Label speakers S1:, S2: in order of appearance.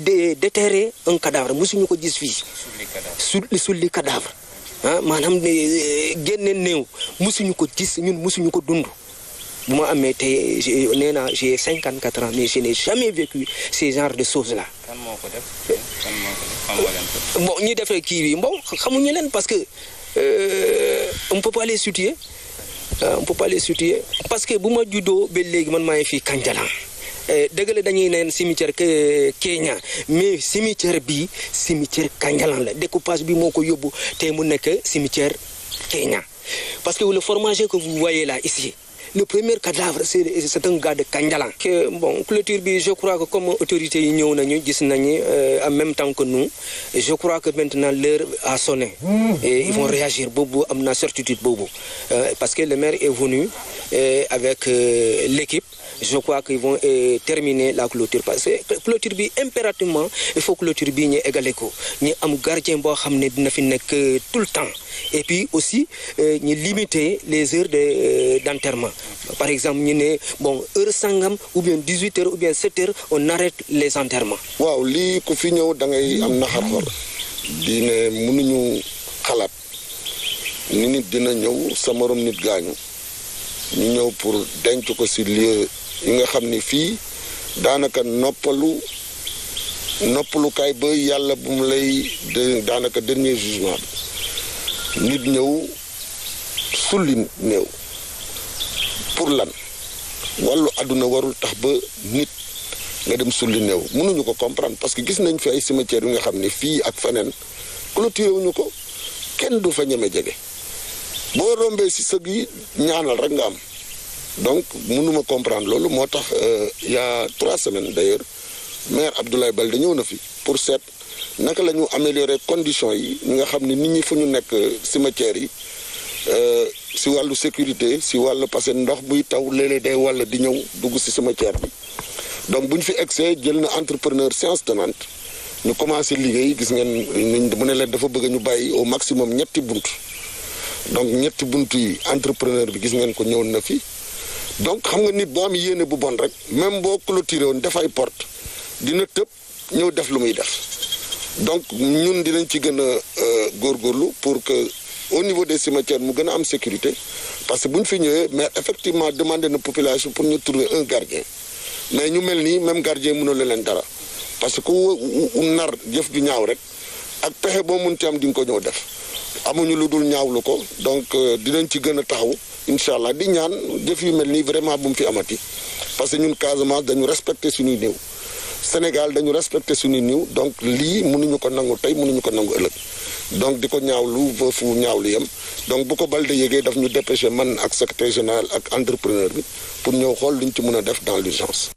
S1: déterrer un cadavre mosuñu ko gis fii sulli sulli cadavre ah maanaam eh, génne néew mosuñu ko gis ñun mosuñu ko dund bu ma amee j'ai cinquante quatre ans mais je n'ai jamais vécu ces genres de choses là. Bon, moo ko def kan bon ñi defee kii bi parce que euh, on peut pas les situer ah, on peut pas les situer parce que bu ma juddoo ba léegi man maa ngi fii eh, dëgg la dañuy un cimetière Kenya mais cimetière bi cimetière Kanyalan. la découpage bi moo ko yóbbu cimetière Kenya parce que le formager que vous voyez là ici le premier cadavre c'est un gars de Kanjalan que bon je crois que comme autorité yi nañu gis euh, en même temps que nous je crois que maintenant l'heure a sonné mmh. et ils vont réagir bobu am na certitude euh, parce que le maire est venu euh, avec l'équipe je crois qu'ils vont euh, terminer la clôture parce que la clôture bi impérativement il faut que clôture soit égale Nous avons am gardien qui euh, tout le temps et puis aussi nous euh, limiter les heures de d'enterrement par exemple nous sommes bon heure sangam ou bien 18 h ou bien 7 h on arrête les enterrements. Wow, li qui fi ñëw da ngay am naxar
S2: Nous mënuñu xalaat ni nit dina ñëw sa morom nit gaañu ñu ñëw pour denc ko ci lieu. yi nga xam ne fii daanaka noppalu kay ba yàlla bu mu lay daanaka dernier jugement bi nit ñëw sulli néew pour lan wàllu aduna warul tax ba nit nga dem sulli néew mënuñu ko comprendre parce que gis nañ fi ay cimetière yi nga xam ne ak feneen clôturé wuñu ko kenn du fa ñeme jege boo rombee si sëg yi ñaanal rek nga am donc mënuma comprendre loolu moo tax euh, il y a trois semaines d' ailleurs maire Abdoulaye Balde ñëw na fi pour seet naka la ñu améliorer conditions yi nga xam ne nit ñi fu ñu nekk euh, cimetière yi euh, si wàllu sécurité si wàllu parce que ndox buy taw léeg-léeg day wàll di ñëw dugg si cimetière bi donc bu ñu fi egsee jël na entrepreneur science tenante ñu commencé liggéey gis ngeen niñ mu ne leen dafa bëgg ñu bàyyi au maximum ñetti bunt donc ñetti bunt yi entrepreneur bi gis ngeen ko ñëw na fi donc xam nga nit bo am yene bu bon rek même bo clôturé woon def ay porte dina tepp ñeu def lu muy def donc ñun dinañ ci gëna a euh, góorgóorlu pour que au niveau des cimetières mu gëna am sécurité parce que buñ fi ñëwee mais effectivement demander na population pour ñu trouver un gardien mais ñu melni même gardien mënul leen dara parce que ku nar jëf ju ñaaw rek ak pexe boo mënti am diñ ko ñëw def amuñu lu dul ñaawlu ko donc euh, dinañ ci gëna taxaw incha di ñaan def yu mel nii vraiment bu mu fi amati parce que ñun Casamance dañu respecter suñuy néew Sénégal dañu respecter suñuy néew donc lii mënuñu ko nangu tey mënuñu ko nangu ëllëg donc di ko ñaawlu ba ñaawlu yam donc bu ko Balde yëgee daf ñu dépêché man ak secrétaire général ak entrepreneur bi pour ñëw xool luñ ci mën a def dans l'urgence